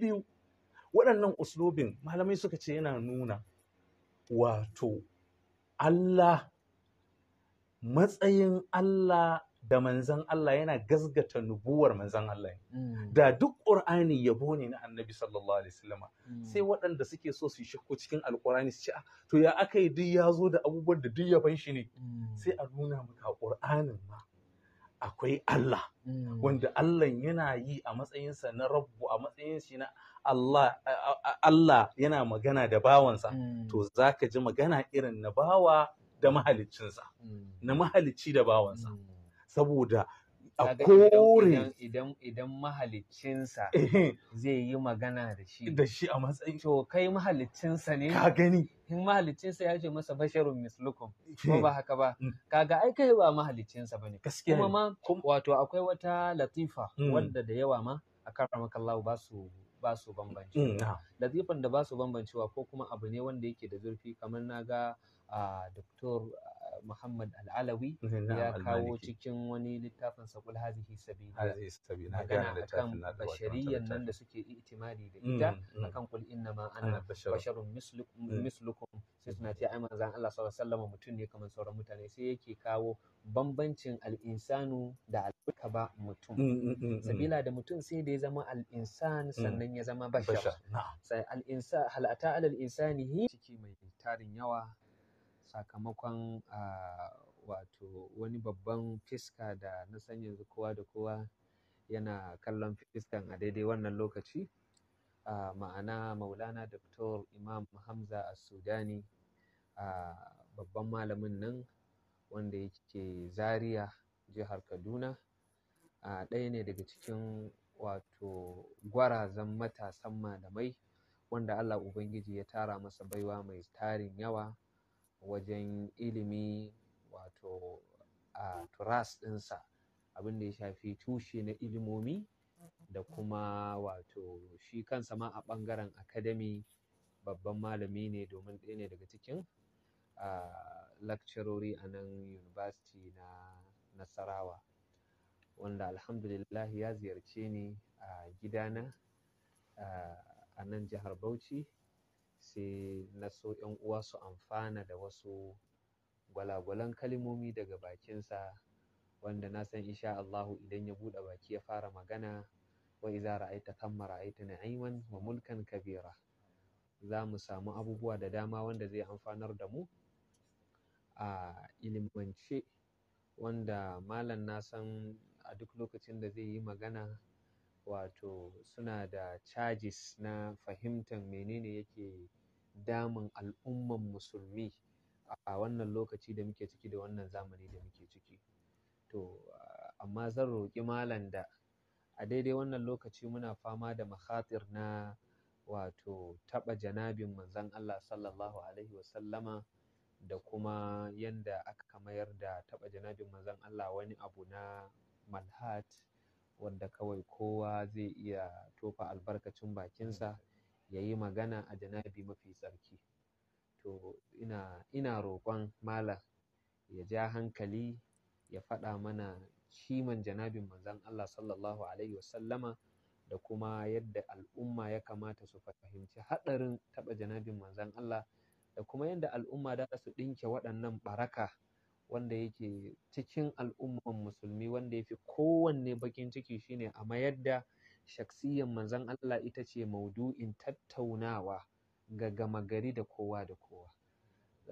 biyu waɗannan uslubin malamai suka ce yana nuna wato Allah matsayin Allah da manzan Allah yana gasgata nubuwar manzan Allah mm. da duk Qur'ani yabo ne na Annabi sallallahu alaihi wasallam mm. sai waɗanda suke so su shakko cikin Alƙur'ani su ce ah, to ya aka yi duk ya zo da abubuwan da duk ya ban shi ne mm. sai a nuna maka ƙur'anin ma akwai Allah mm. wanda Allah yana yi a matsayinsa na rabbu a matsayinsa na Allah yana magana da bawansa mm. to zaka ji magana irin na bawa da mahaliccinsa mm. na mahalicci da bawansa saboda a kore idan idan mahaliccinsa eh. zai yi magana da shi da shi a matsayin to kai mahaliccinsa ne ka gani in mahaliccinsa ya ce masa basharun mislukum ko ba haka ba mm. kaga ai kai ba mahaliccinsa bane gaskiya kuma ma wato akwai wata latifa mm. wanda da yawa ma a Allah ba su ba su bambanci mm, latifan da ba su bambancewa ko kuma abu ne wanda yake da zurfi kamar na ga ah, Doktor. Muhammad Al'alawi eh, ya kawo cikin wani littafin Sakul Hazihi Sabila magana akan bashariyan nan da suke itimadi da mm, ita mm. akan kul inna ma ana basharun mm. mislukum sai suna ce ai manzon Allah sallallahu alaihi mutum ne kamar sauran mutane sai yake kawo bambancin al'insanu da al-kaba mutum sabila da mutum sai da ya zama al'insan sannan ya zama bashar sai al'insa insan halata al-insani ciki mai tarin yawa sakamakon wato wani babban fiska da na san yanzu kowa da kowa yana kallon fiskan a daidai wannan lokaci ma'ana maulana Dr. imam hamza a sudani babban malamin nan wanda yake zaria jihar kaduna ɗaya ne daga cikin wato gwarazan matasan malamai wanda allah ubangiji ya tara masa baiwa mai tarin yawa wajen ilimi wato a turas ɗinsa abin da ya shafi tushe na ilimomi da kuma wato shi kansa ma a ɓangaren akademi babban malami ne domin ɗaya ne daga cikin lakcarori a nan university na nasarawa wanda alhamdulillah ya ziyarce ni a gidana a nan jihar bauchi sai na so ‘yan uwa su amfana da wasu gwalagwalan kalmomi daga bakinsa wanda na san insha Allahu idan ya buɗe baki ya fara magana wa iza ra'aita thamma ra'aita na'iman wa mulkan kabira za mu samu abubuwa da dama wanda zai amfanar da mu a ilimance wanda malam na san a duk lokacin da zai yi magana wato suna da charges na fahimtar menene yake damun al'umman musulmi a wannan lokaci da muke ciki da wannan zamani da muke ciki to amma zan roƙi malam da a daidai wannan lokaci muna fama da makhatir na wato taɓa janabin manzon Allah sallallahu alaihi wasallama da kuma yanda aka mayar da taɓa janabin manzon Allah wani abu na malhat wanda kawai kowa zai iya tofa albarkacin bakinsa ya yi magana a janabi mafi tsarki to ina ina roƙon malam ya ja hankali ya faɗa mana kiman janabin manzon Allah sallallahu alaihi wasallama da kuma yadda al'umma ya kamata su fahimci haɗarin taɓa janabin manzon Allah da kuma yadda al'umma da su ɗinke waɗannan baraka wanda yake cikin al'umman musulmi wanda ya fi kowanne bakin ciki shine a mayar da shaksiyan manzon Allah ita ce maudu'in tattaunawa ga gama gari da kowa da kowa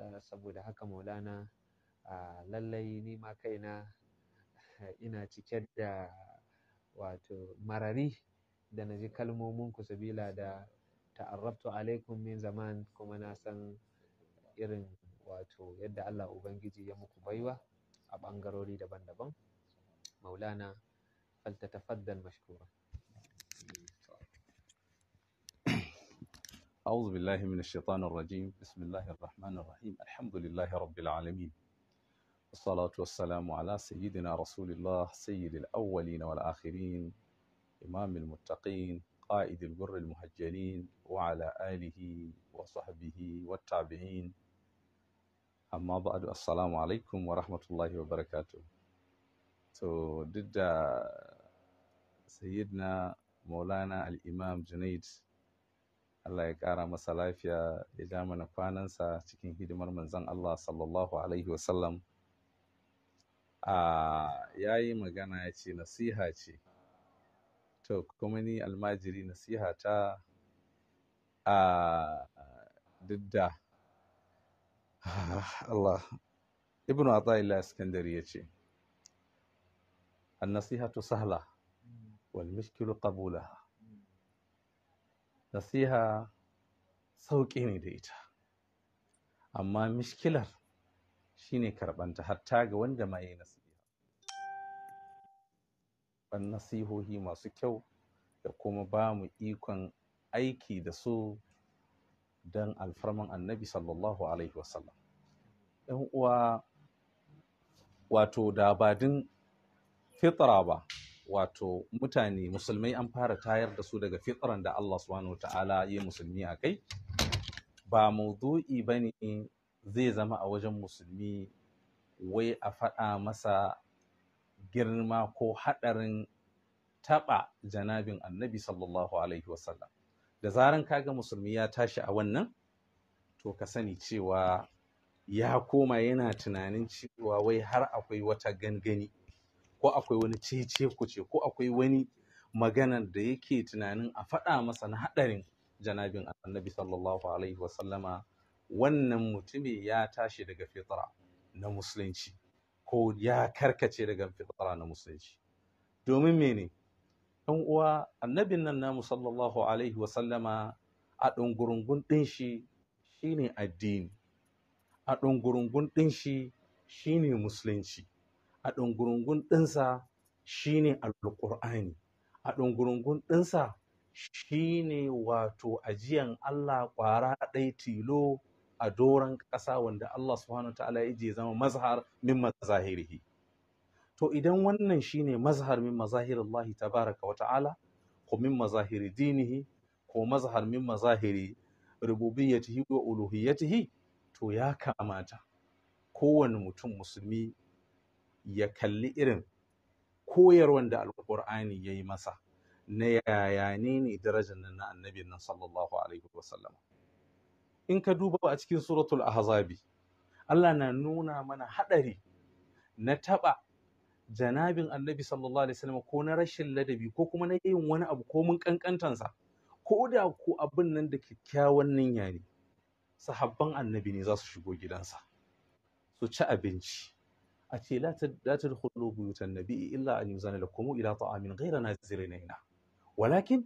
ah, saboda haka maulana ah, lallai ni ma kaina ina cike da wato marari da na ji kalmominku sabila da ta'arrabtu alaikum min zaman kuma na san irin wato yadda Allah Ubangiji ya muku baiwa a ɓangarori daban-daban maulana faltatafaddal mashkura أعوذ بالله من الشيطان الرجيم بسم الله الرحمن الرحيم الحمد لله رب العالمين والصلاة والسلام على سيدنا رسول الله سيد الأولين والآخرين إمام المتقين قائد البر المهجرين وعلى آله وصحبه والتابعين amma a assalamu alaikum wa rahmatullahi wa barakatu to duk da sayyidina maulana al'imam junaid Allah ya kara masa lafiya ya ja mana kwanansa cikin hidimar manzon Allah sallallahu alaihi wasallam ya yi magana ya ce nasiha ce to kuma ni almajiri nasiha ta a duk da Ah, Allah ibnu Ata'illah Iskandari ya ce tu sahla wal mishkilu ƙabula nasiha sauƙi ne da ita amma mishkilar shine karɓanta hatta ga wanda ma yi nasiha ban nasihohi masu kyau da kuma ba mu ikon aiki da su don alfarman annabi sallallahu alaihi wasallam 'yan uwa wato da ba din fitra ba wato mutane musulmai an fara tayar da su daga fitran da Allah subhanahu ta'ala ya musulmi a kai ba maudu'i ba ne zai zama a wajen musulmi wai a faɗa masa girma ko haɗarin taɓa janabin annabi sallallahu alaihi wasallam da zaran kaga musulmi ya tashi a wannan to ka sani cewa ya koma yana tunanin cewa wai har akwai wata gangani ko akwai wani cece kuce ko akwai wani maganar da yake tunanin a faɗa masa na haɗarin janabin annabi sallallahu alaihi wasallama wannan mutumi ya tashi daga fitra na musulunci ko ya karkace daga fitra na musulunci domin mene ɗan uwa annabin nan namu sallallahu alaihi wasallama a ɗungurungun ɗin shi shine addini a ɗungurungun ɗin shi shi ne musulunci a ɗungurungun ɗinsa shi ne alƙur'ani a ɗungurungun ɗinsa shi ne wato ajiyan Allah ƙwara ɗai tilo a doron ƙasa wanda Allah subhanahu ta'ala ya zama mazhar min mazahirihi to idan wannan shi ne mazhar min mazahir Allah tabaraka wa ta'ala ko min mazahir dinihi ko mazhar min mazahiri rububiyyatihi wa uluhiyyatihi to ya kamata kowane mutum musulmi ya kalli irin koyarwan da alkur'ani ya yi masa na yaya ne ne darajar nan na annabi nan sallallahu alaihi wasallam in ka duba a cikin suratul ahzabi Allah na nuna mana hadari na taba janabin annabi sallallahu alaihi wasallam ko na rashin ladabi ko kuma na yin wani abu ko mun kankantansa ko da ko abin nan da kyakkyawan niyya ne sahabban annabi ne za su shigo gidansa su ci abinci a ce la tadkhulu buyutan nabi illa an yuzana lakum ila ta'amin ghayra nazirina walakin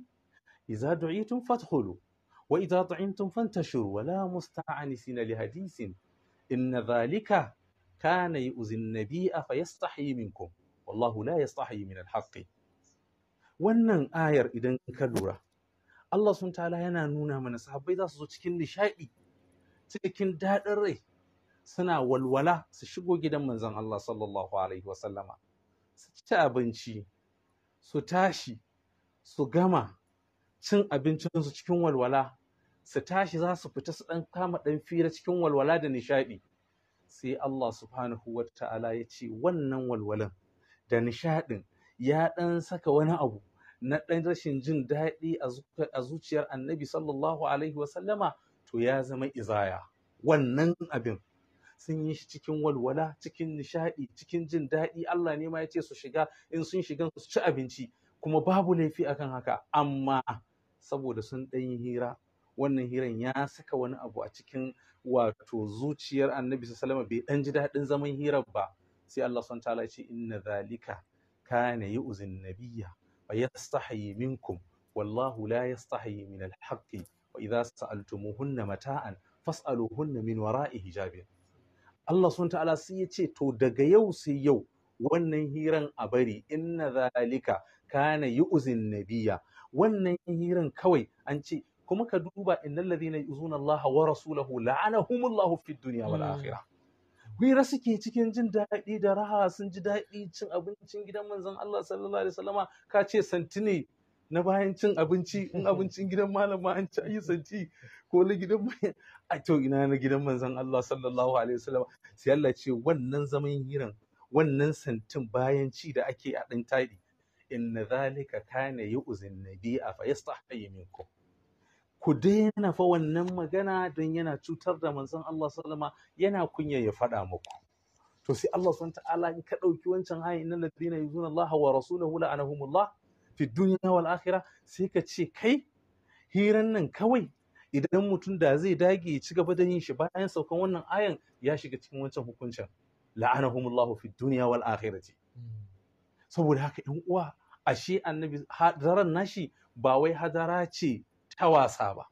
idza du'itum fadkhulu wa idza ta'imtum fantashiru wa la musta'anisin li hadithin inna dhalika kana yu'zi an fa yastahi minkum wallahu la yastahi min al-haqqi wannan ayar idan ka lura Allah subhanahu wa ta'ala yana nuna mana sahabbai za su zo cikin nishadi cikin daɗin rai suna walwala su shigo gidan manzon Allah sallallahu alaihi wasallama su ci abinci su tashi su gama cin abincinsu cikin walwala su tashi za su fita su ɗan kama ɗan fira cikin walwala da nishaɗi sai Allah subhanahu wa ta'ala ya ce wannan walwalan da nishaɗin ya ɗan saka wani abu na ɗan rashin jin daɗi a zuciyar annabi sallallahu alaihi wasallama to ya zama izaya wannan abin sun yi shi cikin walwala cikin nishaɗi cikin jin daɗi Allah ne ma ya ce su shiga in sun shiga su ci abinci kuma babu laifi akan haka amma saboda sun ɗan yi hira wannan hiran ya saka wani abu a cikin wato zuciyar annabi salama. bai ɗan ji daɗin zaman hirar ba sai Allah son ta'ala ce inna zalika kana yu'zin nabiyya wa yastahi minkum wallahu la yastahi min al wa idza sa'altumuhunna mata'an fas'aluhunna min wara'i hijabin Allah sun ta'ala sai ya ce to daga yau sai yau wannan hiran a bari inna zalika kana yu'zin nabiyya wannan hiran kawai an ce kuma ka duba innal ladhina yu'zuna Allah wa rasulahu la'anahumullahu fid dunya wal hmm. akhirah hira suke cikin jin daɗi da raha sun ji daɗi cin abincin gidan manzon Allah sallallahu alaihi wasallama ka ce santine na bayan cin abinci in abincin gidan malam ma an ci santi ko na gidan mai a to ina na gidan manzon Allah sallallahu alaihi wasallam sai Allah ce wannan zaman hiran wannan santin bayan ci da ake a ɗan tadi inna zalika kana yu'zin a fa yastahyi minkum ku daina fa wannan magana don yana cutar da manzon Allah sallama yana kunya ya faɗa muku to sai Allah subhanahu ta'ala in ka ɗauki wancan hayin nan ladina yuzuna Allah wa rasulahu la'anahumullah fi duniya wal akhira sai ka ce kai hiran nan kawai idan mutum da zai dage ya ci gaba da yin shi bayan saukan wannan ayan ya shiga cikin wancan hukuncin la'anahumullahu fi duniya wal ce. saboda haka yan uwa ashe annabi hadaran nashi ba wai hadara ce ta wasa ba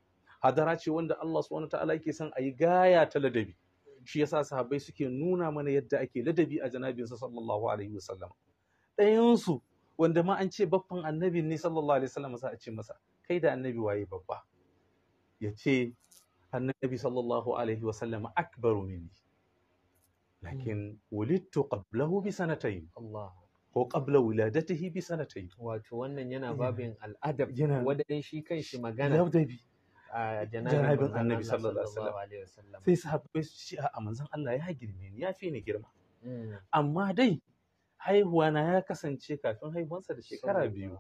hadara ce wanda Allah subhanahu ta'ala yake son a yi gaya ta ladabi shi yasa sahabbai suke nuna mana yadda ake ladabi a janabinsa sallallahu alaihi wasallam ɗayan su wanda ma an ce babban annabi ne sallallahu alaihi wasallam sai a ce masa kai da annabi waye babba ya ce annabi sallallahu alaihi wasallam akbaru minni lakin wulidtu qablahu bi sanatayn Allah ko qabla wuladatihi bi sanatayn wato wannan yana babin al'adab wanda shi kai shi magana ladabi janabin annabi sallallahu alaihi wasallam sai sahabbai su ce a manzon Allah ya girme ni ya fi ni girma hmm. amma dai haihuwa na ya kasance kafin haihuwansa da shekara biyu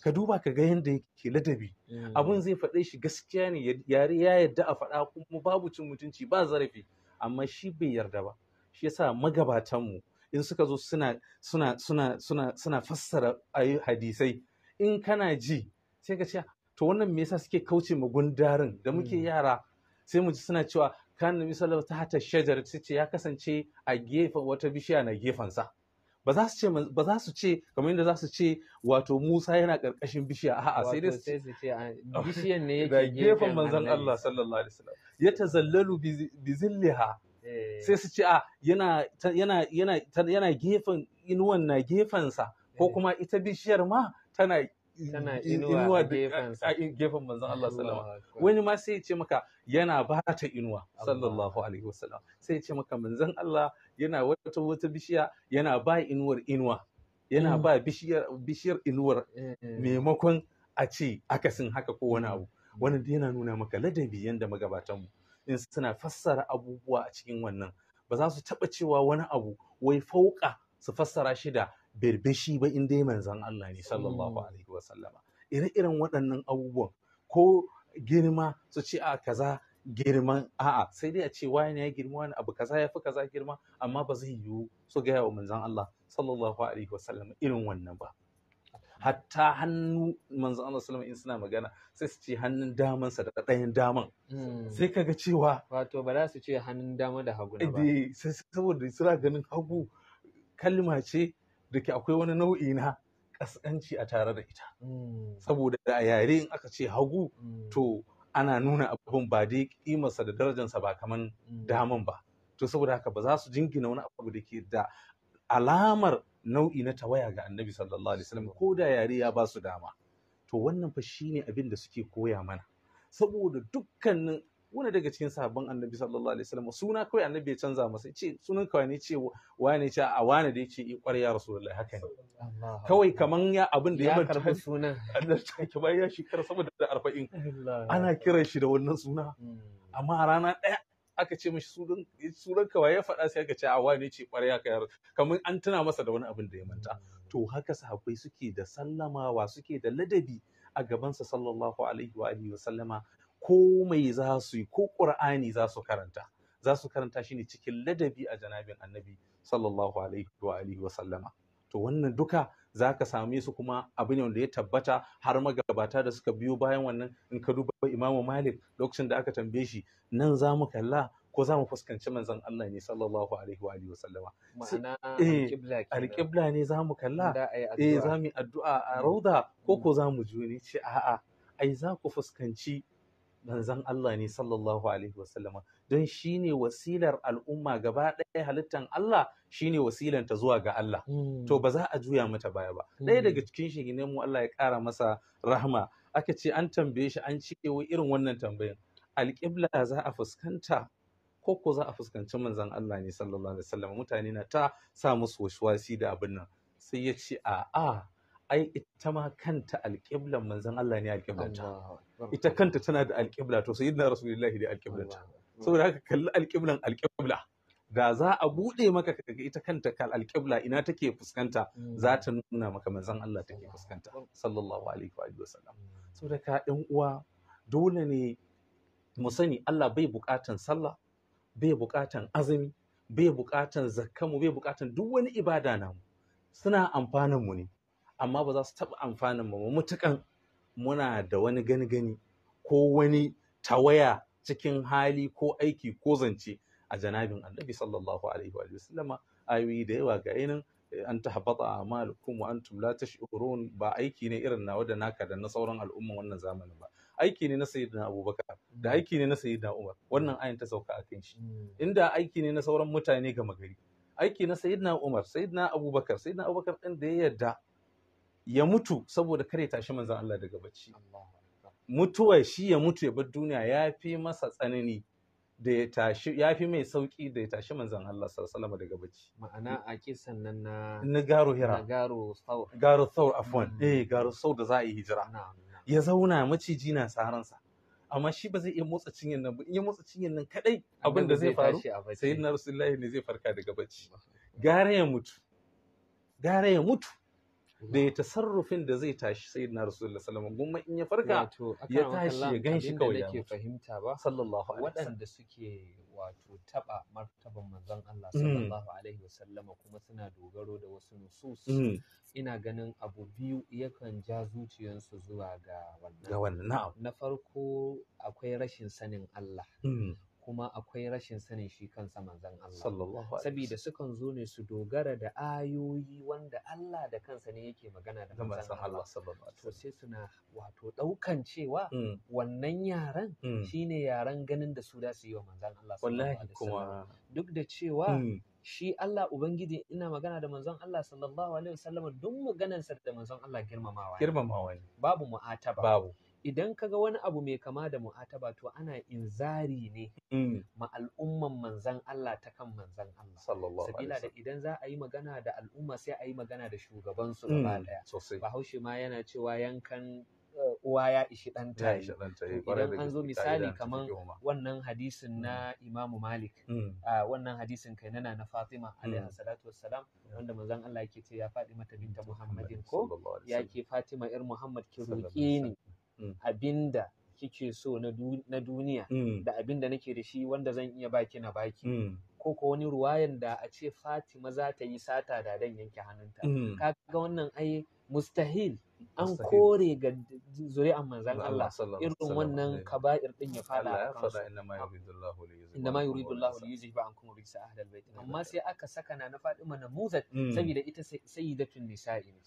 ka duba ka ga yadda ke ladabi mm. abun zai faɗe shi gaskiya ne yare ya yarda a faɗa kuma babu cin mutunci ba zarafi amma shi bai yarda ba shi yasa magabatanmu in suka zo suna suna suna suna fassara hadisai in kana ji sai ka ce ah, to wannan me yasa suke kauce ma gundarin da muke mm. yara sai mu ji suna cewa kan nabi sallallahu ta hata shajar sai ce ya kasance a gefen wata bishiya na gefensa ba za su ce ba za su ce kamar yadda za su ce wato Musa yana ƙarƙashin bishiya a'a sai dai su ce ah, bishiyan ne yake gefen manzon Allah sallallahu alaihi wasallam ya tazallalu bi zilliha eh. sai su ce ah, a yana yana yana yana gefen inuwan na gefensa ko eh. kuma ita bishiyar ma tana tana inuwa a gefen manzon Allah sallama wani ma sai ya ce maka yana ba ta inuwa sallallahu alaihi wasallam sai ya ce maka manzon Allah yana wata wata bishiya yana ba inuwar inuwa yana mm. ba bishiyar bishiyar inuwar eh. maimakon a ce akasin haka ko wani mm. abu wannan yana nuna maka ladabi yanda magabatanmu in suna fassara abubuwa a cikin wannan ba za su taɓa cewa wani abu wai fauka su fassara shi da birbishi ba in dai manzan Allah ne sallallahu mm. alaihi wa sallama ire-iren waɗannan abubuwan ko girma su ce a kaza girman a'a sai dai a ce ne ya girma wani abu kaza ya fi kaza girma amma ba zai yiwu su gaya wa manzan Allah sallallahu alaihi wa sallama irin wannan ba hatta hannu manzan Allah sallama in suna magana sai su ce hannun sa da ɗayan daman mm. sai kaga cewa wato ba za su ce hannun dama da hagu na ba saboda suna ganin hagu kalma ce da ke akwai wani nau'i na ƙasƙanci a tare da ita hmm. saboda da yare in aka ce hagu hmm. to ana nuna abubuwan ba dai kimarsa da darajarsa ba kaman hmm. daman ba to saboda haka ba za su jingina wani abu da ke da alamar nau'i na tawaya ga annabi sallallahu alaihi wasallam ko da yare ya ba su dama to wannan fa shine abin da suke koya mana saboda dukkanin wani daga cikin sahabban annabi sallallahu alaihi wasallam suna kawai annabi ya canza masa ce sunan kawai ne ce wani ce a wani da yake kwar eh, ya rasulullahi haka ne kawai kaman ya abin da ya manta sunan annabi take bayan ya shekara saboda da 40 ana kiran shi da wannan suna hmm. amma a rana ɗaya aka ce mishi sunan sunan kawai ya faɗa sai aka ce a wani ce kwar ya kai kaman an tuna masa da wani abin da ya manta hmm. to haka sahabbai suke da sallamawa suke da ladabi a gabansa sallallahu alaihi wa alihi wa sallama ko mai za su yi ko ƙur'ani za su karanta za su karanta shi ne cikin ladabi a janabin annabi sallallahu alaihi wa alihi wa sallama to wannan duka za ka same su kuma abu ne wanda ya tabbata har magabata da suka biyo bayan wannan in ka duba imamu malik lokacin da aka tambaye shi nan za mu kalla ko za mu fuskanci manzon Allah ne sallallahu alaihi wa alihi sallama ma'ana eh, alqibla ne za mu kalla eh za mu yi addu'a a mm. rauda ko ko mm. za mu ji ne ce a'a ai za ku fuskanci manzon Allah ne sallallahu alaihi wasallam don shine wasilar al'umma gaba ɗaya halittar Allah shine wasilar ta zuwa ga Allah to hmm. ba za a juya mata baya ba ɗaya daga hmm. cikin shi ne mu Allah ya ƙara masa rahma aka ce an tambaye shi an wa irin wannan tambayin. alƙibla za a fuskanta ko ko za a fuskanci manzon Allah ne sallallahu alaihi wasallam mutane na ta sa musu wasi da abin nan sai ya ce a'a ai ita ma kanta alƙiblan manzon Allah ne alƙiblanta ita kanta tana da alƙibla to sayyidina rasulullahi da alƙiblanta saboda haka kalli alƙiblan alƙibla da za a buɗe maka kaga ita kanta kal alƙibla ina take fuskanta hmm. za ta nuna maka manzan Allah take fuskanta sallallahu alaihi wa sallam hmm. saboda ka ɗan uwa dole ne mu sani Allah bai buƙatan sallah bai buƙatan azumi bai buƙatan zakkamu bai buƙatan duk wani ibada namu suna amfanan mu ne amma ba za su taɓa amfanin mu mutukan muna da wani gani gani ko wani tawaya cikin hali ko aiki ko zance a janabin annabi sallallahu alaihi wa sallama ayoyi da yawa ga yanin an ta haɓata a amalukum wa antum la tash'urun ba aiki ne irin nawa da naka da na sauran al'umman wannan zamanin ba aiki ne na sayyidina abubakar da aiki ne na sayyidina umar wannan ayin ta sauka a kan shi hmm. inda aiki ne na sauran mutane gama gari aiki na sayyidina umar sayyidina abubakar sayyidina abubakar ɗin da ya yarda ya mutu saboda kare tashi manzan Allah daga bacci mutuwa shi ya mutu ya bar duniya ya fi masa tsanani da ya tashi ya fi mai sauki da ya tashi manzan Allah sallallahu salama daga bacci ma'ana a kisan nan na na garo hira garo sau garo sau afwan mm. eh garo sau da za a yi hijira ya zauna maciji na saransa amma shi ba zai iya motsa cinyan nan ba in ya motsa cinyan nan kadai abin da zai faru sayyidina rasulullahi ne zai farka daga bacci gara ya mutu gara ya mutu da ya tasarrufin da zai tashi na rasulullah sallallahu alaihi wasallam in ya farka ya tashi ya ganshi kawai ya fahimta ba sallallahu alaihi wasallam waɗanda suke wato taba martaban manzon Allah mm. sallallahu alaihi wasallam kuma suna dogaro da wasu nusus mm. ina ganin abu biyu yakan ja zuciyarsu zuwa ga wannan na farko akwai rashin sanin Allah mm. kuma akwai rashin sanin shi kansa manzon Allah sallallahu saboda sukan zo ne su dogara da ayoyi wanda Allah da kansa ne yake magana da manzon Allah sallallahu to sai suna wato daukan cewa mm. wannan yaran mm. shine yaran ganin da su da su yi wa manzon Allah wallahi kuma duk da cewa mm. shi Allah Ubangiji ina magana da manzon Allah sallallahu alaihi wasallam duk maganarsa da manzon Allah girmamawa girmamawa babu mu'ataba babu idan ka ga wani abu mai kama da mu'ataba to ana inzari ne mm. ma al'umman manzan Allah ta kan manzan Allah sallallahu sabila da idan za a yi magana da al'umma sai a yi magana da shugaban su mm, gaba daya bahaushe ma yana cewa yankan eh, uwa ya ishi ɗan idan an zo misali kaman wannan hadisin na mm. imamu malik wannan hadisin kai nana na fatima alaihi salatu wassalam wanda manzon Allah yake ce ya faɗi mata binta muhammadin ko yake fatima yar muhammad ki roƙe ni Mm. abinda kike so na duniya mm. da abinda nake da shi wanda zan iya baki na baki mm. ko ko wani ruwayan da a ce Fatima za ta yi sata da dan yanke hannunta kaga wannan ai mustahil an kore ga zuri'an manzan Allah irin wannan eh. kaba'ir din ya fada inda ma yuridu Allah li an kuma rijsa ahlal bait amma sai aka saka na na Fatima Muzat mm. saboda ita sayyidatun nisa'i ne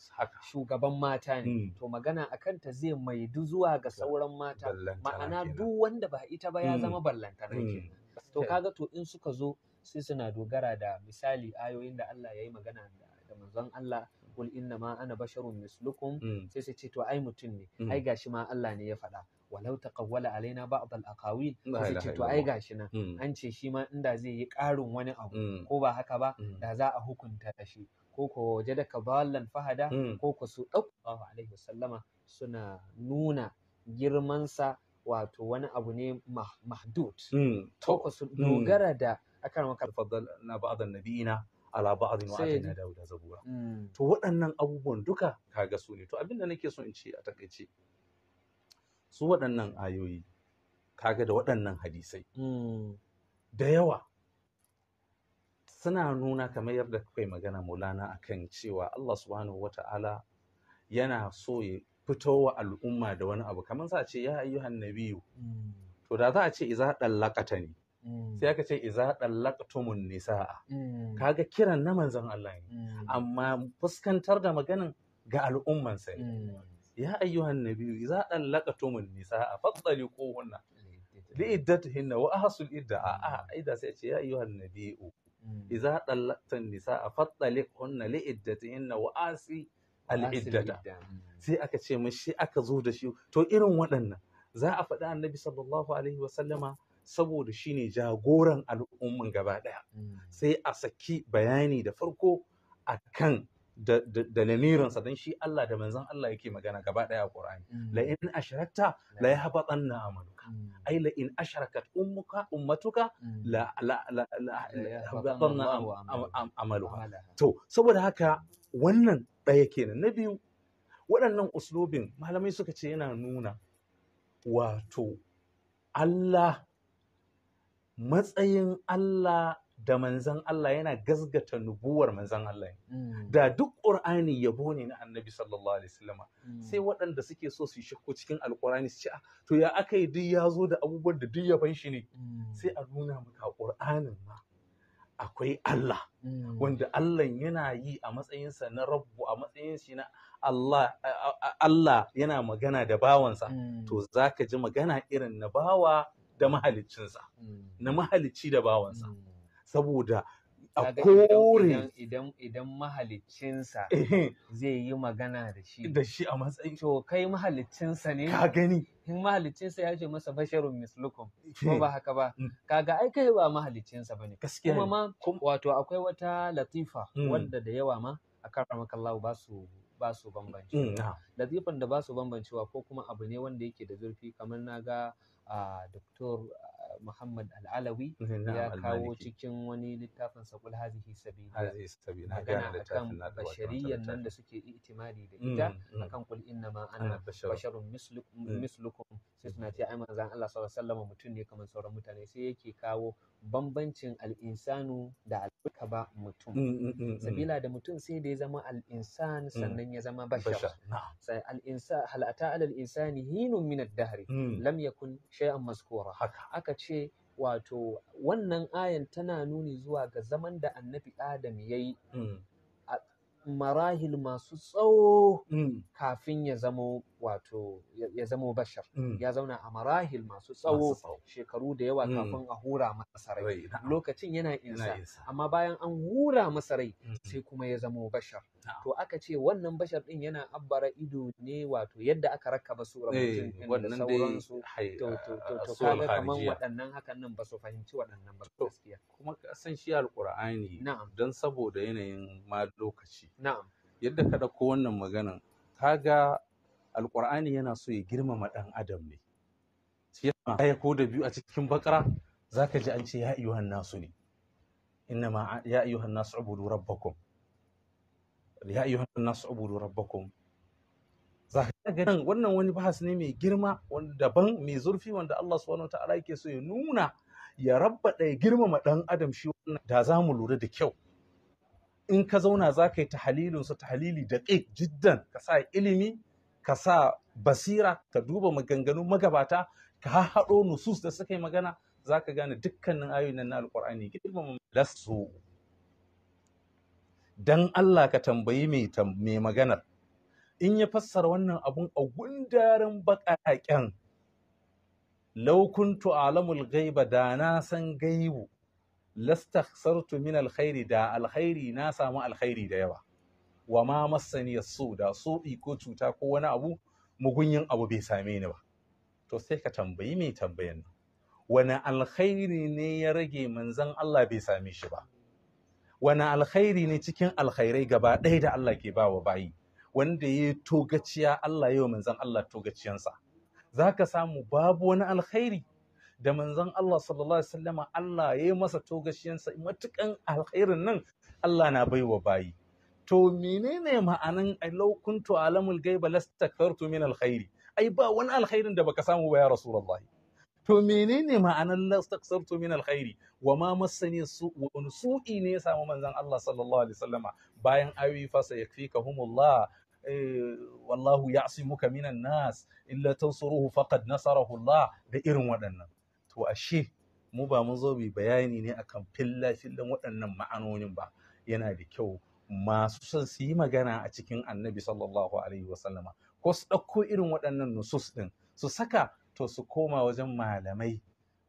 shugaban mata ne mm. to magana akan ta zai maidu zuwa ga sauran mata ma'ana duk wanda ba ita ba ya mm. zama ballantana to kaga to in suka zo sai suna dogara da misali ayoyin da Allah ya yi magana da manzon Allah kul inna ma ana basharun mislukum mm. sai su ce to ai mutum ne mm. ai gashi ma Allah ne ya faɗa walau taqawwala alaina ba'd al-aqawil sai ce to ai gashi nan mm. an ce shi ma inda zai yi ƙarin wani abu ko ba haka ba da za a hukunta shi ko ko wajadaka ballan fahada ko ko su sallallahu alaihi wasallama suna nuna girmansa wato wani abu ne mahdud ko ko su dogara da akan maka faddal na ba'd an-nabiyina ala ba'dhin wa dawo da zabura mm. to waɗannan abubuwan duka kaga su ne to abinda nake so in ce a takaice su waɗannan ayoyi kaga da waɗannan hadisai mm. da yawa suna nuna kamar yadda kai magana maulana akan cewa Allah subhanahu wata'ala yana so ya fito wa al'umma da wani abu kamar sa ce ya ayyuhan nabiyu mm. to da za a ce iza dallaqatani ne Mm. sai aka ce iza dallaqtumun nisaa mm. kaga kiran na manzon Allah ne mm. amma fuskantar da maganin ga al'umman sai ya ayyuhan nabiyyu iza dallaqtumun nisaa fatsaliquhunna liiddatihinna wa ahsul idda a idan sai ce ya ayyuhan nabiyyu iza dallaqtan nisaa fatsaliquhunna liiddatihinna wa asi al'iddata sai aka ce mun shi aka zo da shi to irin waɗannan za a faɗi annabi sallallahu alaihi wasallama saboda shi ne jagoran al'umman gaba ɗaya mm. sai a saki bayani da farko A kan da lamirinsa don shi Allah da manzan Allah yake magana gaba ɗaya a Qur'ani mm. la in ashrakta la yahbatanna amaluka mm. ai la in ummuka ummatuka la la a to saboda haka wannan ɗaya kenan na biyu waɗannan uslubin malamai suka ce yana nuna wato Allah matsayin Allah da manzan Allah yana gasgata nubuwar manzan Allah ne. Mm. da duk ƙur'ani yabo ne na Annabi sallallahu alaihi wasallam mm. sai waɗanda suke so su shakko cikin Alƙur'ani su ce a ah, to ya aka yi duk ya zo da abubuwan da duk ya ban shi ne mm. sai a nuna maka ƙur'anin ma akwai Allah wanda Allah yana yi a matsayinsa na Rabbu a matsayin shi na Allah yana magana da bawansa to zaka ji magana irin na bawa da mahaliccinsa mm. na mahalicci da bawansa mm. saboda a kore idan mahaliccinsa eh. zai yi magana da shi da shi a matsayin to kai mahaliccinsa ne ka gani in mahaliccinsa ya ce masa basharun mislukum ko eh. ba haka ba mm. kaga ai kai ba mahaliccinsa bane ne. kuma ma wato akwai wata latifa wanda da yawa ma a karamakallahu ba su ba su bambanci latifan da ba su bambancewa ko kuma abu ne wanda yake da zurfi kamar na ga دكتور Muhammad al'alawi ya kawo cikin wani littafin Sakul Hazihi Sabila magana akan bashariyan nan da suke itimadi da mm, ita mm. akan kul inna ma ana basharun mm. mislukum sai suna ce ai manzon Allah sallallahu sallama mutum ne kamar sauran mutane sai yake kawo bambancin al'insanu da albarka ba mutum sabila da mutum sai da ya zama al'insan sannan ya zama bashar sai al-insan hal insani hinun min ad lam yakun shay'an maskura haka aka ce wato wannan ayan tana nuni zuwa ga zaman da annabi adam ya yi hmm. a marahil masu tsawo hmm. kafin ya zamo wato ya zama bashar mm. ya zauna a marahil masu tsawo shekaru da yawa mm. kafin a hura masa rai lokacin yana insa amma bayan an hura masarai. Mm. sai kuma ya zama bashar to aka ce wannan bashar din yana abbara ido ne wato yadda aka rakaba sura eh, mutum da sauransu to to kaga kaman waɗannan hakan nan ba su fahimci waɗannan ba gaskiya kuma ka san shi alqur'ani don saboda yanayin ma lokaci na'am yadda ka ɗauko wannan maganan kaga alƙur'ani yana so ya girmama ɗan adam ne shi ko da biyu a cikin bakara zaka ji an ce ya ayyuhan nasu ne innama ya ayyuhan nasu ubudu rabbakum ya ayyuhan nasu ubudu rabbakum zaka ga nan wannan wani bahas ne mai girma wanda daban mai zurfi wanda Allah subhanahu wataala yake so ya nuna ya rabba ya girmama ɗan adam shi wannan da za mu lura da kyau in ka zauna za ka yi tahalilinsa tahalili da ƙi jiddan ka sa ilimi ka sa basira ka duba maganganu magabata ka haɗo nusus da suka yi magana za ka gane dukkanin ayoyin na alƙur'ani girmama lasu dan Allah ka tambayi mai maganar in ya fassara wannan abun a gundaren baƙaƙen laukuntu alamul gaiba da na san gaibu lastakhsartu min alkhairi da alkhairi na samu alkhairi da yawa wa ma masani so da so ko cuta ko wani abu mugunyin abu bai same ni ba to sai ka tambayi mai tambayan nan wani alkhairi ne ya rage manzon Allah bai same shi ba wani alkhairi ne cikin alkhairai gaba ɗaya da Allah ke ba wa bayi wanda ya yi togaciya Allah yau manzan Allah togaciyansa za ka samu babu wani alkhairi da manzan Allah sallallahu alaihi wasallama Allah ya yi masa togaciyansa matukan alkhairin nan Allah na baiwa bayi to menene ma'anan law kuntu alamul ghaiba lastakthartu min alkhairi ai ba wani alkhairin da baka samu ba ya rasulullahi to menene ma'anan lastakthartu min alkhairi wa ma massani su wani su'i ne ya samu manzon Allah sallallahu alaihi wasallama bayan ayoyi fa sayakfikahumullah eh, wallahu ya'simuka minan nas illa tansuruhu faqad nasarahu Allah da irin waɗannan to ashe mu ba mu zo bayani ne akan fillafin waɗannan ma'anonin ba yana da kyau masu son su yi magana a cikin annabi sallallahu alaihi wasallama ko su ɗauko irin waɗannan nusus ɗin su saka to su koma wajen malamai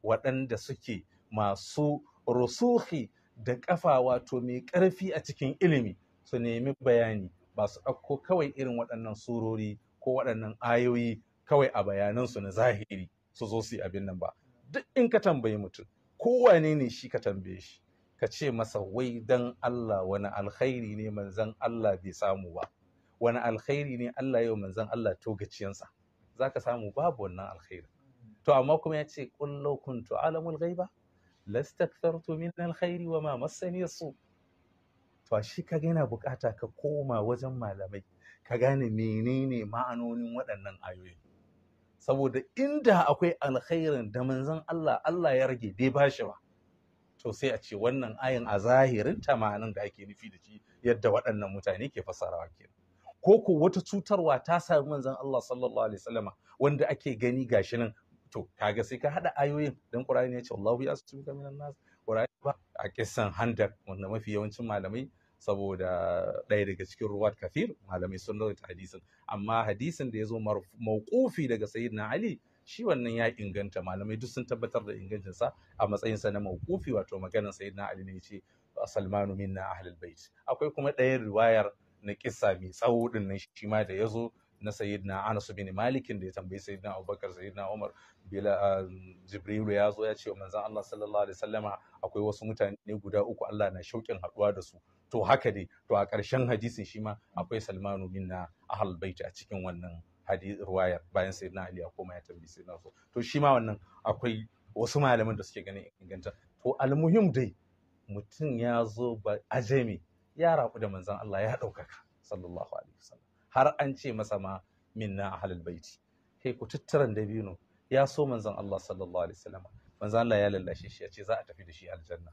waɗanda suke masu rusuhi da ƙafa wato mai ƙarfi a cikin ilimi su nemi bayani ba su ɗauko kawai irin waɗannan surori ko waɗannan ayoyi kawai a bayanansu na zahiri su zo su yi abin nan ba duk in ka tambayi mutum kowane ne shi ka tambaye shi ka ce masa wai dan Allah wani alkhairi ne manzan Allah bai samu ba wani alkhairi ne Allah yau manzan Allah to gaciyansa za ka samu babu wannan alkhairi to amma kuma ya ce kullau kuntu alamul ghaiba lastakthartu min alkhairi wa ma massani su to shi ka yana bukata ka koma wajen malamai ka gane menene ma'anonin waɗannan ayoyi saboda inda akwai alkhairin da manzon Allah Allah ya rage bai shi ba to sai a ce wannan ayin a zahirin ta tamanin da ake nufi da shi yadda waɗannan mutane ke fasarawa kenan ko ko wata cutarwa ta sami manzan Allah sallallahu alaihi wasallama wanda ake gani gashi nan to kaga sai ka hada ayoyin dan Qur'ani ya ce Allahu yasbuka minan nas Qur'ani ba a kissan handar wanda mafi yawancin malamai saboda ɗaya daga cikin ruwat kafir malamai sun rawaita hadisin amma hadisin da ya zo mawqufi daga sayyidina Ali shi wannan ya inganta malamai duk sun tabbatar da ingancinsa a matsayinsa na mawqufi wato maganar sayyidina ali ne ce salmanu minna ahlul bait akwai kuma ɗayan riwayar na kissa mai tsawo din nan shi ma da yazo na sayyidina Anas bin Malik da ya tambayi sayyidina Abubakar sayyidina Umar bila um, Jibrilu ya zo ya ce wa manzon Allah sallallahu alaihi wasallama akwai wasu mutane guda uku Allah na shauƙin haɗuwa da su to haka dai to a ƙarshen hadisin shi ma akwai Salmanu minna ahlul bait a cikin wannan hadith ruwayar bayan sayyidina ali ya koma ya tambayi sayyidina so to shi ma wannan akwai wasu malaman da suke ganin inganta to almuhim dai mutum ya zo ba ajami ya raku da manzon Allah ya ɗaukaka sallallahu alaihi wasallam har an ce masa ma minna ahlul baiti kai ku tattaran dabino ya so manzon Allah sallallahu alaihi wasallam manzon Allah ya lallashe shi ya ce za a tafi da shi aljanna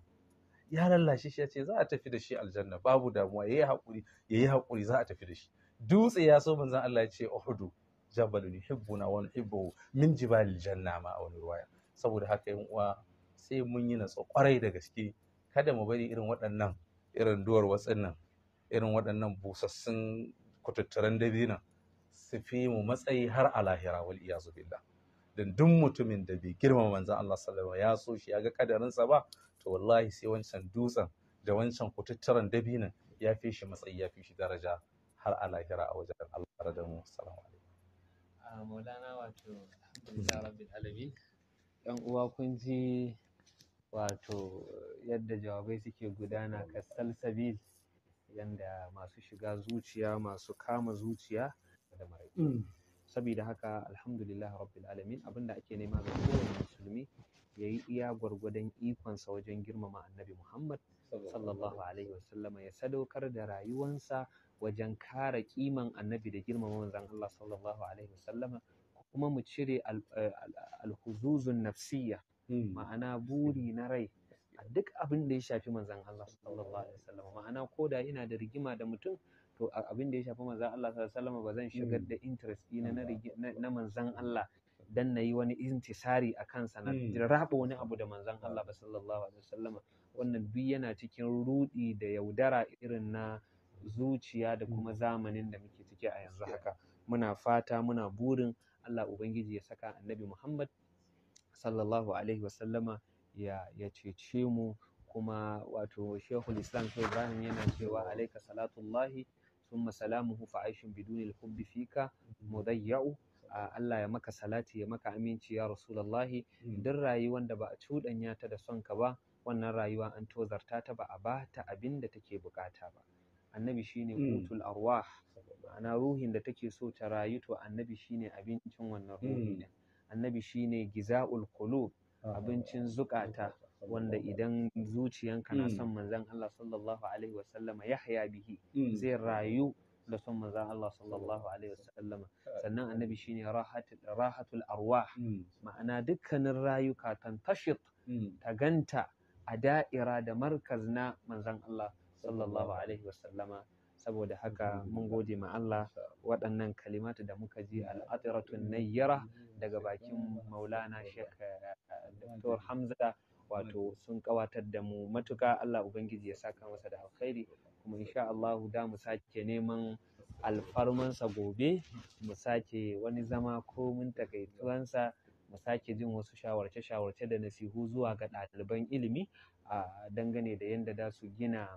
ya lallashe shi ya ce za a tafi da shi aljanna babu damuwa yayi hakuri yayi hakuri za a tafi da shi dutse ya so manzon Allah ya ce uhudu jabalun yuhibbuna wa nuhibbuhu min jibalil janna ma a wani ruwaya saboda haka yan uwa sai mun yi natsa kwarai da gaske kada mu bari irin waɗannan irin duwar watsin nan irin waɗannan busassun kututturan dabina su fi mu matsayi har a lahira wal iyazu billah dan duk mutumin da bai girmama manzon Allah sallallahu alaihi wasallam ya so shi ya ga kadarinsa ba to wallahi sai wancan dutsen da wancan kututturan dabina ya fi shi matsayi ya fi shi daraja har a lahira a wajen Allah da maulana wato yan uwa kun ji wato yadda jawabai suke gudana kasalsabil yadda masu shiga zuciya masu kama zuciya da maraƙi mm. saboda haka alhamdulillah rabbil alamin abinda ake nema ga kowane musulmi ya yi iya gwargwadon ikonsa wajen girmama annabi muhammad sallallahu alaihi wasallama ya sadaukar da rayuwansa wajen kare kiman annabi da girmama manzon Allah sallallahu alaihi wasallama kuma mu cire eh, alhuzuzun nafsiyya hmm. ma'ana buri na rai a duk abin da ya shafi manzon Allah sallallahu alaihi wasallama ma'ana koda ina da rigima da mutum to abin da ya shafi manzon Allah sallallahu alaihi wasallama ba zan hmm. shigar da interest ina na manzon Allah dan na yi wani intisari a kansa na hmm. rabo wani abu da manzon Allah sallallahu alaihi wasallam wannan duk yana cikin rudi da yaudara irin na zuciya da hmm. kuma zamanin da muke ciki a yanzu haka muna fata muna burin Allah ubangiji ya saka annabi Muhammad sallallahu alaihi wasallama ya ya cece mu kuma wato shehul islam ibrahim yana cewa alaika salatullahi summa salamuhu fa aishin biduni al fika mudayya'u Allah ya maka salati ya maka aminci ya rasulullahi hmm. duk rayuwar da ba a cuɗanya ta da son ka ba wannan rayuwa an tozarta ta ba a ba ta abin da take bukata ba annabi shine qutul hmm. arwah ma'ana ruhin da take so ta rayu to annabi shine abincin wannan ruhi hmm. din annabi shine gizaul qulub ah. abincin zuƙata. wanda idan zuciyanka na hmm. son manzon Allah sallallahu alaihi wa sallama yahya bihi zai rayu da son manzon Allah sallallahu alaihi wa sallama. sannan annabi shine rahatul arwah ma'ana dukkanin rayuka tantashit ta ganta a da'ira da markaz na manzon Allah sallallahu alaihi wasallama saboda haka mun gode ma Allah waɗannan kalimatu da muka ji al'adiratun nayyara daga bakin maulana Sheikh Dr. Hamza wato sun kawatar da mu matuka Allah Ubangiji ya saka masa da alkhairi kuma insha Allah da mu sake neman alfarmansa gobe mu sake wani zama ko mun takaituwansa mu sake jin wasu shawarce-shawarce da nasihu zuwa ga ɗaliban ilimi a dangane da yadda za su gina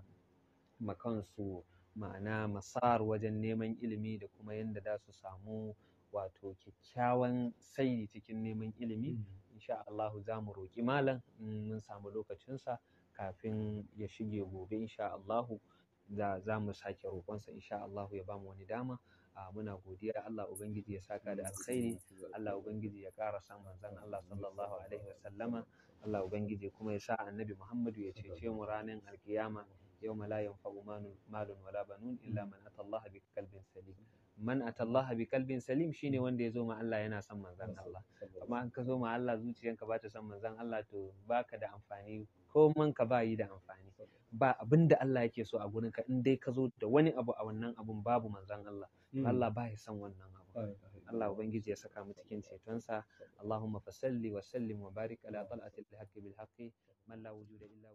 kansu ma'ana masar wajen neman ilimi da kuma yadda za su samu wato kyakkyawan saidi cikin neman ilimi mm. insha Allahu za mu roƙi malam mun samu lokacinsa kafin ya shige gobe insha Allahu za mu sake roƙonsa insha Allahu ya bamu wani dama a muna godiya Allah ubangiji ya saka da alkhairi Allah ubangiji ya ƙara san manzon Allah sallallahu alaihi sallama. Allah ubangiji kuma ya sa annabi Muhammadu ya cece mu ranar alkiyama yau la yanfa'u malun wala banun illa man ata bi qalbin salim man atallaha bi kalbin salim shi ne wanda ya zo ma Allah yana son manzan Allah amma in ka zo ma Allah zuciyanka ba ta son manzon Allah to baka da amfani ko man ka ba yi da amfani ba abin da Allah yake so a gurin ka in dai ka zo da wani abu a wannan abun babu manzan Allah hmm. Allah ba ya son wannan abu Allah ubangiji ya saka mu cikin cetonsa Allahumma fasalli wa sallim wa barik ala haqqi bil haqqi wujuda illa